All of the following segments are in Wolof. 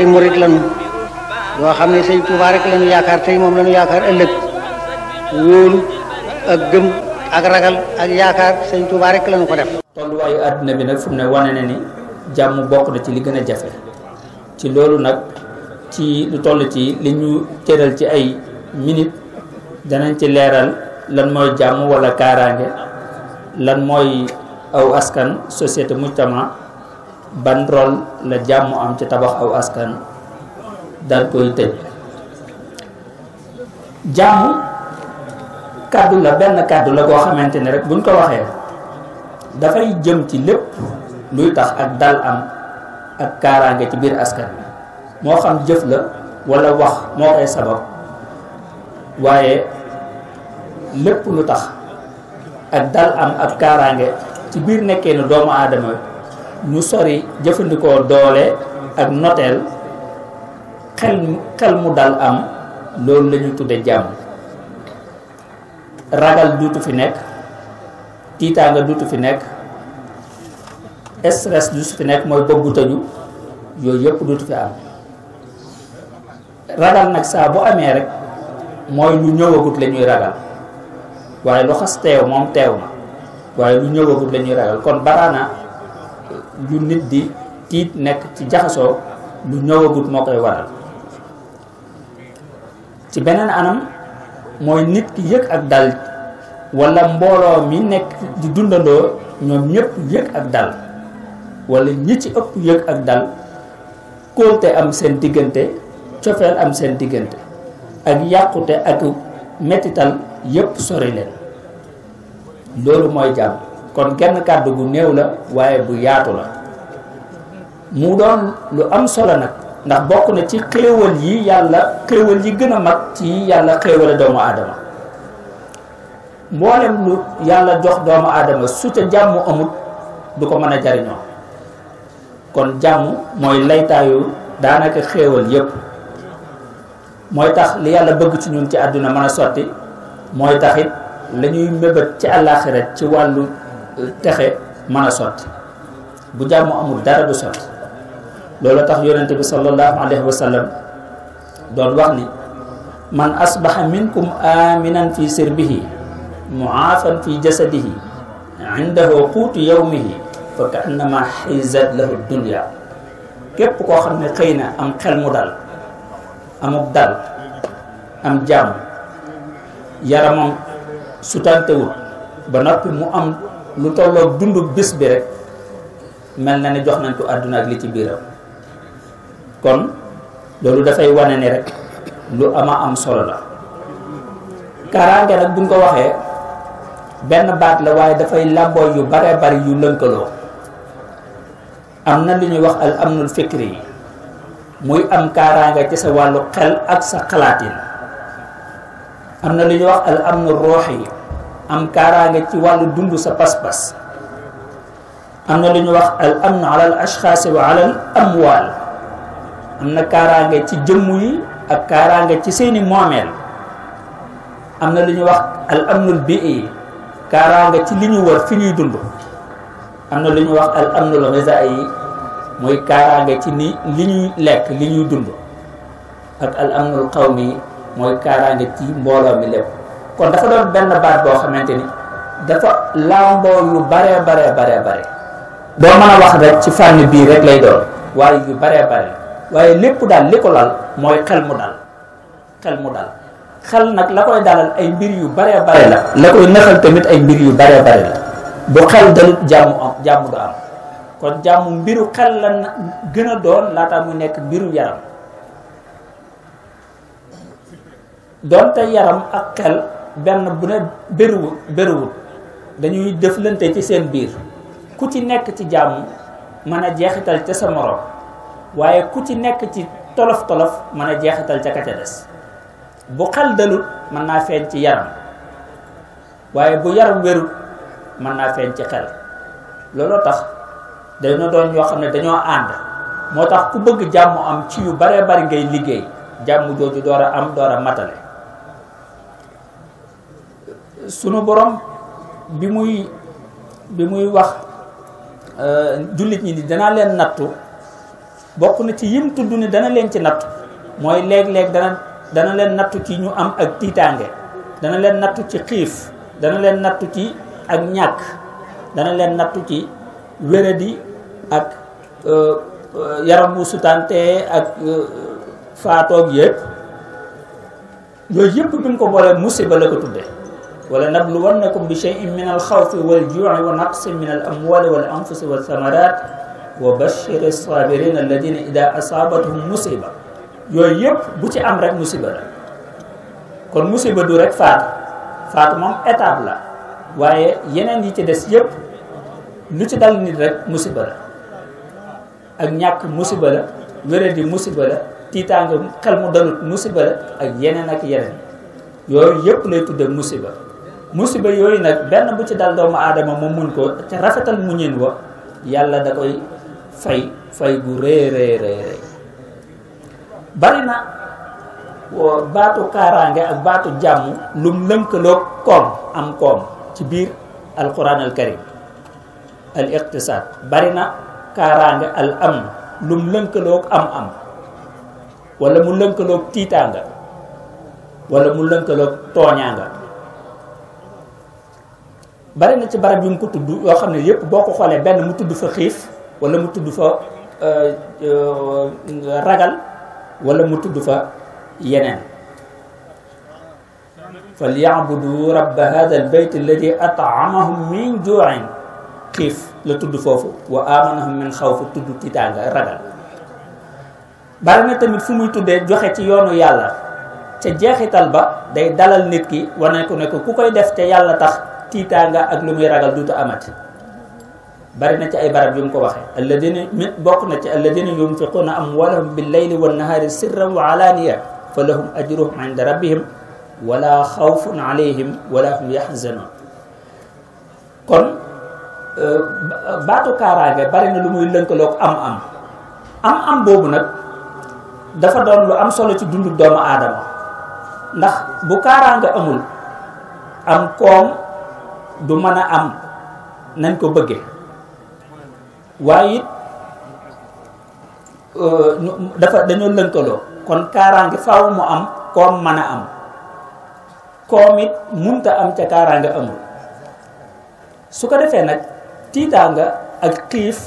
ay murit lañu yoo xam ne sëñ Tuubaa rek lañu yaakaar tey moom lañu yaakaar ëllëg wóolu ak gëm ak ragal ak yaakaar sëñ Tuubaa rek lañu ko def. tolluwaayu àdduna bi nag fu mu ne wane na ni jàmm bokk na ci li gën a jafe ci loolu nag ci lu toll ci li ñu cëral ci ay minute danañ ci leeral lan mooy jàmm wala kaaraange lan mooy aw askan société mujtama ban rôle la jàmm am ci tabax aw askan dal koy tëj jàmm kàddu la benn kàddu la goo xamante ne rek buñ ko waxee dafay jëm ci lépp luy tax ak dal am ak kaaraange ci biir askan moo xam jëf la walla wax moo koy sabab waaye lépp lu tax ak dal am ak kaaraange ci biir nekkee ne doomu aadama ñu sori jëfandikoo doole ak noteel xel mu dal am loolu la ñu tudde jàmm ragal duutu fi nekk tiitaanga duutu fi nekk stress duutu fi nekk mooy bëggu tëju yooyu yëpp duutu fi am ragal nag saa bu amee rek mooy lu ñëwagut la ñuy ragal waaye lu xas teew moom teew na waaye lu ñëwagut la ñuy ragal kon baraana lu nit di tiit nekk ci jaxasoo lu ñëwagut moo koy waral ci beneen anam mooy nit ki yëg ak dal wala mbooloo mi nekk di dundandoo ñoom ñëpp yëg ak dal wala ñi ci ëpp yëg ak dal kóolte am seen diggante cofeel am seen diggante ak yàqute ak mettital yépp sori leen loolu mooy jàmm kon genn kàddu gu néew la waaye bu yaatu la mu doon lu am solo nag ndax bokk na ci xéewal yi yàlla xéewal yi gën a mag ci yàlla xéewale doomu aadama mboolem lu yàlla jox doomu aadama su ca jàmm amul du ko mën a jariñoo kon jàmm mooy laytaayu daanaka xéewal yépp mooy tax li yàlla bëgg ci ñun ci àdduna mën a sotti mooy taxit la mébét ci àllaaxira ci wàllu texe mën a sotti bu jàmm amul dara du sotti loolu tax yonente bi sallallahu alayhi wa sallam doon wax ni man asbaha minkum aminan fi sirbihi muaafan fi jasadihi indahu quutu yawmihi fa kaannama xizat lahu dunya képp koo xam ne xëy na am xel mu dal amub dal am jàmm yaramam sutantewut ba noppi mu am lu tolloog dundu bis bi rek mel na ne jox nañ ko àdduna ak li ci biiram kon loolu dafay wane ne rek lu ama am solo la kaaraange nag buñ ko waxee benn baat la waaye dafay làmbooy yu bare bari yu lënkaloo am na lu ñuy wax al amnul fikri yi muy am kaaraange ci sa wàllu xel ak sa xalaatin am na lu ñuy wax al amnul yi am kaaraange ci wàllu dund sa pas-pas am na lu ñu wax al amn ala al ashxaas wa ala al am na kaaraange ci jëmm yi ak kaaraange ci seeni moomeel am na lu ñu wax al ci li ñu wër fi ñuy am na lu ñu wax al amnul ghizaa'i mooy kaaraange ci ni li ñuy lekk li ñuy dund ak al amnul qawmi mooy kaaraange ci mbooloo mi lépp kon dafa doon benn baat boo xamante ni dafa làmboo yu baree baree baree bare doo mën a wax rek ci fànn bii rek lay doon waaye yu baree bare waaye lépp daal li ko lal mooy xel mu dal xel mu dal xel nag la koy dalal ay mbir yu baree bare la la koy nëxal tamit ay yu bare la bu xel dalut jàmm am jàmm du am kon jàmm mbiru xel la gën a doon laata mu nekk mbiru yaram doonte yaram ak xel benn bu ne bëriwul bëriwul dañuy dëflante ci seen biir ku ci nekk ci jàmm mën a jeexital ca sa morom waaye ku ci nekk ci tolof tolof mën a jeexital ca ka des bu xel dalut mën naa feeñ ci yaram waaye bu yaram wérut mën naa feeñ ci xel looloo tax dañoo doon yoo xam ne dañoo ànd moo tax ku bëgg jàmmu am ci yu baree bari ngay liggéey jàmm jooju door a am door a matale sunu borom bi muy bi muy wax euh, jullit ñi ni danaa leen nattu bokk na ci yim tudd ni dana leen ci nattu mooy léeg-léeg dana dana leen nattu ci ñu am ak tiitaange dana leen nattu ci xiif dana leen nattu ci ak ñàkk dana leen nattu ci wéradi ak euh, yaram bu sutante ak euh, faatoog yëpp yooyu yëpp bi mu ko boolee musiba la ko tuddee wala nabluwannakum bi shay'in min alxawfi waljuuci wa naqsin min alamwali wal anfusi walthamarat wa bashiri sabirin alladina ida asaabathum musiba yooyu yëpp bu ci am rek musiba la kon musiba du rek faatu faatu moom étape la waaye yeneen yi ci des yëpp lu ci dal nit rek musiba la ak ñàkk musiba la wéré di musiba la tiitaanga xel mu dalut musiba la ak yeneen ak yeneen yooyu yëpp lay tudde musiba musiba yooyu nag benn bu ci dal doomu aadama mu muñ ko te rafetal muñin wa yàlla da koy fay fay bu rëy rëy bari na baatu kaaraange ak baatu jàmm lum lënkaloog koom am koom ci biir alquran al karim al iqtisaad bari na kaaraange al am lum lënkaloog am am wala mu lënkaloog tiitaanga wala mu lënkaloog tooñaanga bari na ci barab yu mu ko tudd yoo xam ne yëpp boo ko xoolee benn mu tudd fa xiif wala mu tudd fa euh, euh, ragal walla mu tudd fa yeneen fal yaabudu rabba hada al bayt alladi ataamahum min la tudd foofu wa amanahum min xawf tamit fu muy tuddee joxe ci yoonu yàlla ca jeexital ba day dalal nit ki war ko ne ko ku koy def te yàlla tax tiitaanga ak lu muy ragal duutu amati bari na ci ay barab yu ko waxee alladina min bokk na ci alladina yunfiquuna amwalahum bil layli wan nahaari sirran wa alaaniya fa lahum ajruhum inda rabbihim wala xawfun alayhim wala hum yaxzanun kon euh, baatu kaaraange bari na lu muy lënkaloog am-am am-am boobu nag dafa doon lu am solo ci dundu doomu aadama ndax bu kaaraange amul am koom du mën a am nañ ko bëgge waaye it euh, dafa dañoo lënkaloo kon kaaraange faaw mu am koom mën a am koom it munta am ca kaaraange amul su ko defee nag tiitaanga ak xiif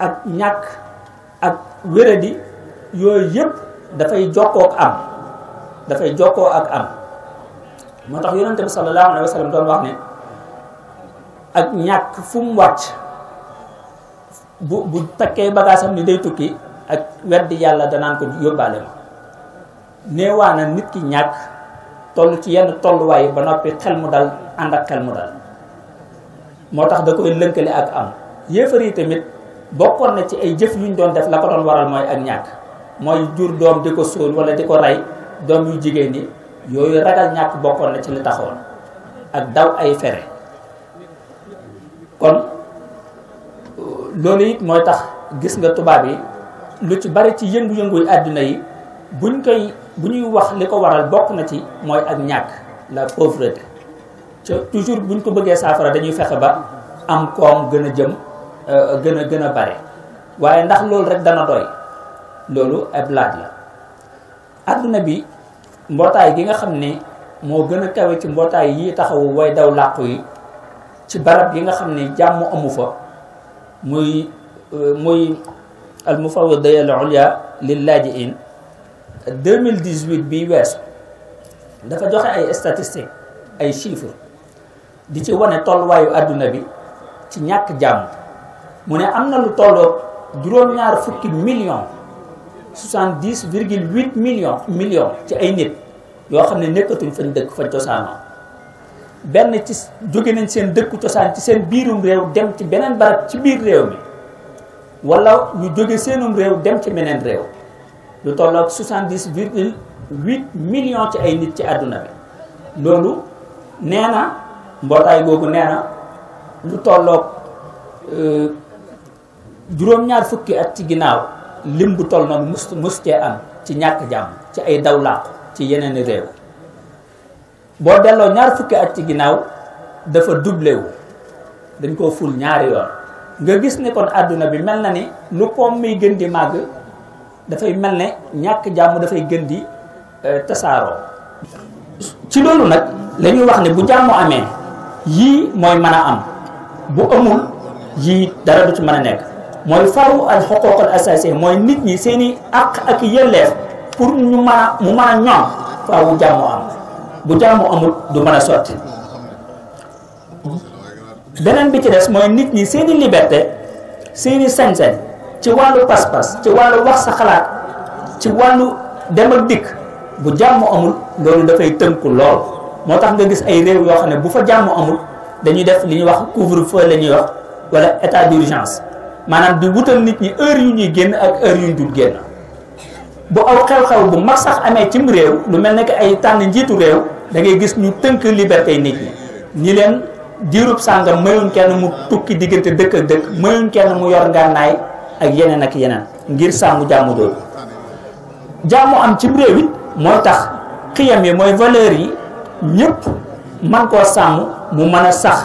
ak ñàkk ak wéradi yooyu yëpp dafay jokkoo ak am dafay jokkoo ak am moo tax yonente bi sallallahu alayhi wa sallam doon wax ne ak ñàkk fu mu wàcc bu bu takkee bagaasam ni day tukki ak weddi yàlla danaan ko yóbbaale ma néewaa na nit ki ñàkk toll ci yenn tolluwaay ba noppi xel mu dal ànd ak xel mu dal moo tax da koy lënkale ak am yéefar yi tamit bokkoon na ci ay jëf yuñ doon def la ko doon waral mooy ak ñàkk mooy jur doom di ko sóol wala di ko rey doom yu jigéen ñi yooyu ragal ñàkk bokkoon na ci li taxoon ak daw ay fere kon loolu it mooy tax gis nga tubaab yi lu ci bari ci yëngu-yënguy àdduna yi buñ koy bu ñuy wax li ko waral bokk na ci mooy ak ñàkk la pauvreté ca toujours buñ ko bëggee saafara dañuy fexe ba am koom gën a jëm euh, gën a gën a bare waaye ndax loolu rek dana doy loolu ab laaj la àdduna bi mbootaay gi nga xam ni moo gën a kawe ci mbootaay yi taxawu way daw làqu yi ci barab yi nga xam ne jàmm amu fa muy euh, muy al mufawwidaya al ulya lil laajiin 2018 biy weesu dafa joxe ay statistiques ay chiffres di ci wane tolluwaayu àdduna bi ci ñàkk jàmm mu ne am na lu tolloo juróom-ñaar fukki millions 70 virgule 8 millions millions ci ay nit yoo xam ne nekkatuñ fañ dëkk fañ cosaanoo benn ci jóge nañ seen dëkku cosaan ci seen biirum réew dem ci beneen barab ci biir réew mi wala ñu jóge seenum réew dem ci meneen réew lu tolloog 70 virgule 8 million ci ay nit ci àdduna bi loolu nee na mbootaay googu nee na lu tolloog euh, juróom-ñaar fukki at ci ginnaaw lim bu toll noonu mus mus cee am ci ñàkk jàmm ci ay daw ci yeneeni réew boo delloo ñaar fukki ak ci ginnaaw dafa doublé dañ koo ful ñaari yoon nga gis ne àdduna bi mel na ni lu koom muy gën di màgg dafay mel ni ñàkk jàmm dafay gën di euh, tasaaroo ci loolu nag lañuy wax ne bu jàmm amee yii mooy mën a am bu amul yii dara du ci mën a nekk mooy faru al xoqooq al asasi mooy nit ñi seeni àq ak yelleef pour ñu mën mu mën a ñoom faawu am bu jàmm amul du mën a sotti beneen bi ci des mooy nit ñi seeni liberté seeni sañ ci wàllu pas-pas ci wàllu wax sa xalaat ci wàllu dem ak dikk bu jàmm amul loolu dafay tënku lool moo tax nga gis ay réew yoo xam ne bu fa jàmm amul dañuy def li ñuy wax couvre-feu la ñuy wax wala état d'urgence maanaam bi wutal nit ñi heure yu ñuy génn ak heure yu ñu dul génn bu aw xew-xew bu mag sax amee cim réew lu mel ne que ay tànn njiitu réew da ngay gis ñu tënk liberté nit ñi ñi leen diirub sàngam mayuñ kenn mu tukki diggante dëkk ak dëkk mayuñ kenn mu yor ngànnaay ak yeneen ak yeneen ngir sàmm jàmm doolu jàmm am cim réew it mooy tax xiyam yi mooy valeur yi ñëpp man koo sàmm mu mën a sax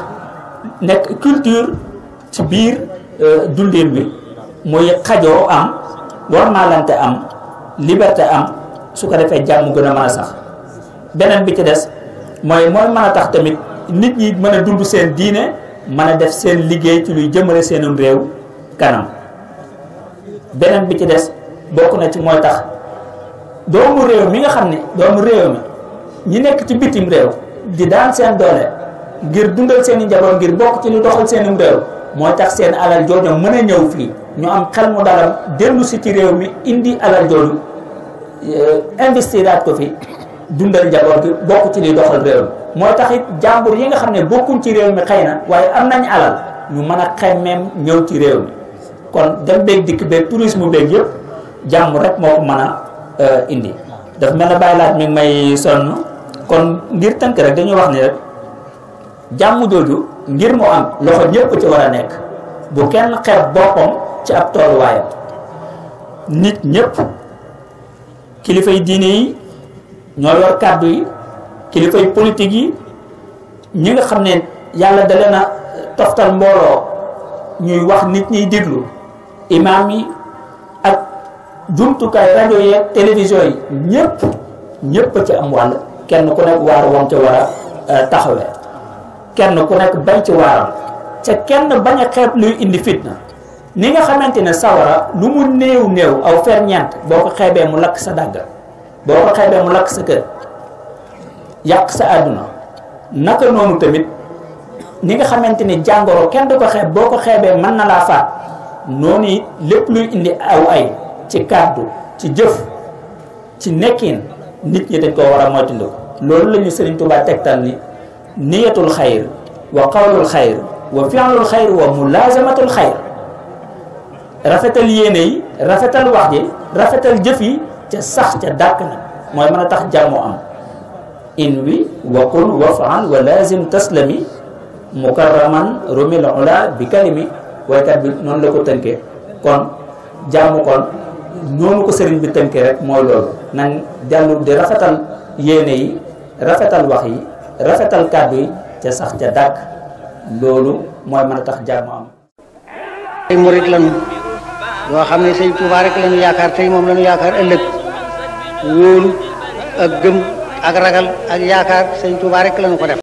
nekk culture ci biir euh, dundin bi muy xajoo am warmaalante am liberté am su ko defee jàmm gën a mën a sax beneen bi ci des mooy mooy mën a tax tamit nit ñi mën a dund seen diine mën a def seen liggéey ci luy jëmale seenum réew kanam beneen bi ci des bokk na ci mooy tax doomu réew mi nga xam ne doomu réew mi ñi nekk ci bitim réew di daan seen doole ngir dundal seen i njaboot ngir bokk ci lu doxal seenum réew moo tax seen alal jooju mën a ñëw fii ñu am xel mu dalam dellu ci réew mi indi alal jooju euh, investiraat ko fi dundal njaboot gi bokk ci liy doxal réew mi moo tax it jàmbur yi nga xam ne bokkuñ ci réew mi xëy na waaye am nañ alal ñu mën a xemmeem ñëw ci réew mi kon dem beeg dikk beeg tourisme beeg yëpp jàmbur rek moo ko mën a euh, indi. daf mel ne bàyyi laaj mi may sonn kon ngir tënk rek dañuy wax ni rek. jàmm jooju ngir mu am loxo ñëpp ci war a nekk bu kenn xeeb boppam ci ab tolluwaayam nit ñëpp kilifay diine yi ñoo yor kàddu yi kilifay politique yi ñi nga xam ne yàlla da leen a toftal mbooloo ñuy wax nit ñiy déglu imaam yi ak jumtukaay rajo yi yi ñëpp ñëpp ci am wàll kenn ku nekk waar woon ci war a euh, taxawee kenn ku nekk bañ ci waaram ca kenn bañ a xeeb luy indi fitna ni nga xamante ne sawara lu mu néew néew aw ferñeent boo ko xeebee mu lakk sa dàgg boo ko xeebee mu lakk sa kër yàq sa àdduna naka noonu tamit ni nga xamante ni jàngoro kenn du ko xeeb boo ko xeebee mën na laa faat noonu it lépp luy indi aw ay ci kàddu ci jëf ci nekkin nit ñi dañ koo war a moytandiku loolu la ñu Sëriñ tegtal ni niyatul xayr wa qawlul xayr wa fi'lul xayr wa mulaazamatul xayr rafetal yéene yi rafetal wax ji rafetal jëf yi ca sax ca dàkk na mooy mën a tax jàmmu am in wi wa qul wa fa'al wa laazim taslami mukarraman rumil ula bi kalimi waykat bi noonu la ko tënkee kon jàmm kon noonu ko sëriñ bi tënkee rek mooy loolu nan jàllu di rafetal yéene yi rafetal wax yi rafetal kàddu yi ca sax ca dàkk loolu mooy mën a tax jàmm am ay murit yoo xam ne sëñ Tuubaa rek lañu yaakaar tey moom lañu yaakaar ëllëg wóolu ak gëm ak ragal ak yaakaar sëñ Tuubaa rek lañu ko def